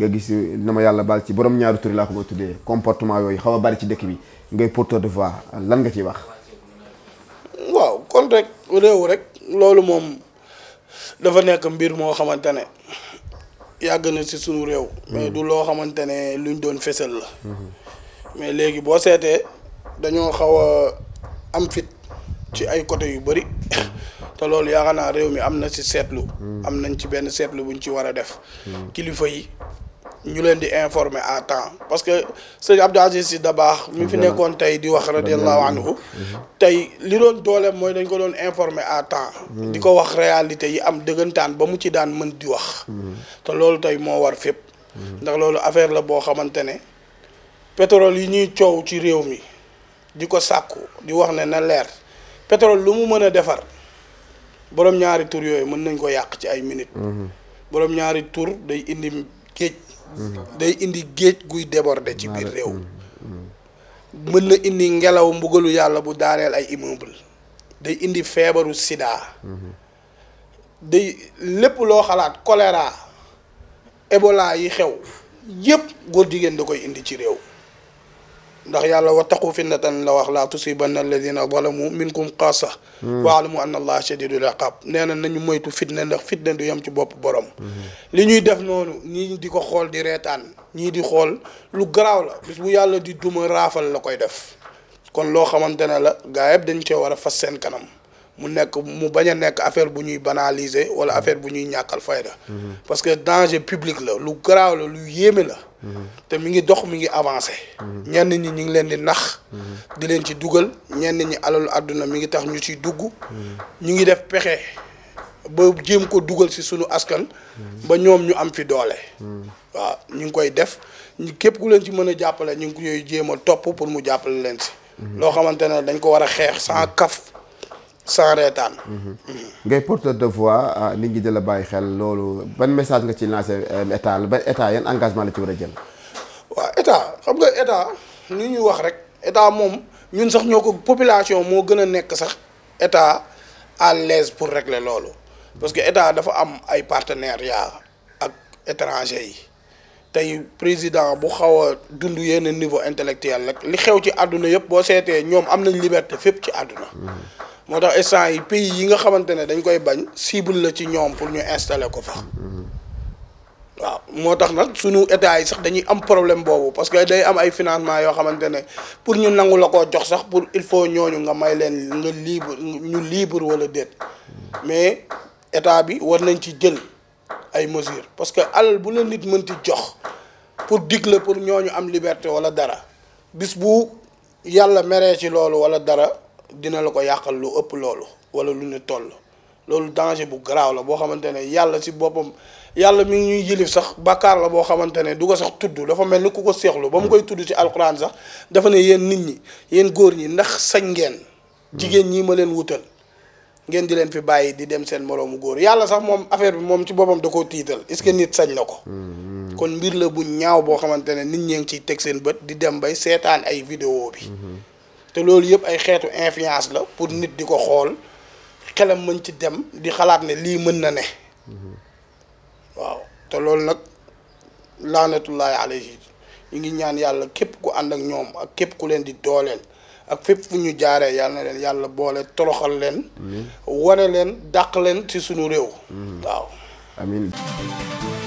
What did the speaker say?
nga gis na ma yàlla baal ci borom ñaari tur laa ko ma tuddee comportement yooyu xaw a bari ci dëkk bi ngay porteur de voix lan nga ciy wax. waaw kon rek réew rek loolu moom dafa nekk mbir moo xamante ne yàgg na si sunu réew. mais mm. du loo xamante ne luñ doon fesal la. Mm-hmm. mais léegi boo seetee dañoo xaw a am fit ci ay côté yu bëri mm-hmm. te loolu yaakaar naa réew mi am na si seetlu. Mm-hmm. am nañ ci benn seetlu buñ ci war a def. kilifa yi ñu leen di informer à temps parce que sëñ Abdou Aziz Sy Dabakh mi fi nekkoon tey di wax radiallahu anhu mhm. tey li doon dooleem mooy dañ ko doon informer à temps mhm. di ko wax réalité yi am dëggantaan ba mu ci daan mën di wax mhm. te loolu tey moo war fépp ndax loolu affaire la boo xamante ne pétrole yi ñuy coow ci réew mi di ko sàkku di wax ne na leer pétrole lu mu mën a defar borom ñaari tour yooyu mën nañ ko yàq ci ay minutes borom ñaari tour day indi géej day indi géej guy deborde ci biir réew mën na indi ngelaw mbugalu yàlla bu daaneel ay immeuble day indi feebaru sida day lépp loo xalaat choléra Ebola yi xew yépp góor jigéen da koy indi ci réew ndax yàlla wattaqu fitnatan la wax laa tusibanna alladina zalamu minkum xaasa hmm. waalamu anna allaha shadidul iqab nee na nañu moytu fitna ndax fitna du yem ci bopp borom li ñuy def noonu ñii di ko xool di reetaan ñii di xool lu garaaw la bis bu yàlla di duma raafal la koy def kon loo xamante ne la gaa dañu dañ cee war a fas seen kanam mu nekk mu bañ a nekk affaire bu ñuy banaliser wala affaire bu ñuy ñàkkal fayda hmm. parce que danger public la lu garaaw la la te mi ngi dox mi ngi avancé. ñenn ñi ñu ngi leen di nax. di leen ci dugal ñenn ñi alalu àdduna mi ngi tax ñu ciy dugg. ñu ngi def pexe ba jéem ko dugal si suñu askan. ba ñoom ñu am fi doole. waaw ñu ngi koy def képp ku leen ci mën a jàppale ñu ngi koy jéem a topp pour mu jàppale leen ci. loo xamante ne dañ ko war a xeex sans kaf. sans reetaan. Mhm. ngay porteur de voix ah, nit ñi di la bàyyi xel loolu ban message nga ci lancé euh, état ba ban état yan engagement la ci war a jël. waaw état xam nga état ni ñuy wax rek état moom ñun sax ñoo ko population moo gën a nekk sax état à l'aise pour régler loolu parce que état dafa am ay partenariat ak étranger yi tey président bu xaw a dund yenn niveau intellectuel rek li xew ci àdduna yëpp boo seetee ñoom am nañu liberté fépp ci àdduna. Mhm. moo tax instant yi pays yi nga xamante ne dañ koy bañ cible la ci ñoom pour ñu installer ko fa. waaw moo tax nag suñu état yi sax dañuy am problème boobu parce que day am ay financement yoo xamante ne pour ñu nangu la koo jox sax pour il faut ñooñu nga may leen nga libre ñu libre wala déet mais état bi war nañ ci jël ay mesures parce que alal bu la nit mënti jox pour dig la pour ñooñu am liberté wala dara bis bu yàlla meree ci loolu wala dara. dina la ko yàqal lu ëpp loolu wala lu ne toll loolu danger bu garaaw la boo xamante ne yàlla si boppam yàlla mi ngi ñuy yilif sax bàkkaar la boo xamante ne du ko sax tudd dafa mel ni ku ko seexlu ba mu koy tudd ci alxuraan sax dafa ne yéen nit ñi yéen góor ñi ndax sañ ngeen. jigéen ñi ma leen wutal. ngeen di leen fi bàyyi di dem seen moroomu góor yàlla sax moom affaire bi moom ci boppam da koo tiital est-ce que nit sañ na ko. Mm-hmm. kon mbir la bu ñaaw boo xamante ne nit ñee ngi ciy teg seen bët di dem bay seetaan ay vidéo bi. Mm-hmm. te loolu yëpp ay xeetu influence la pour nit di ko xool xelam mën ci dem di xalaat ne lii mën na ne waaw te loolu nag laanatullaahi alayhi ñu ngi ñaan yàlla képp ku ànd ak ñoom ak képp ku leen di dooleel ak fépp fu ñu jaaree yàlla yàlla boole toroxal leen wane leen dàq leen ci suñu réew waaw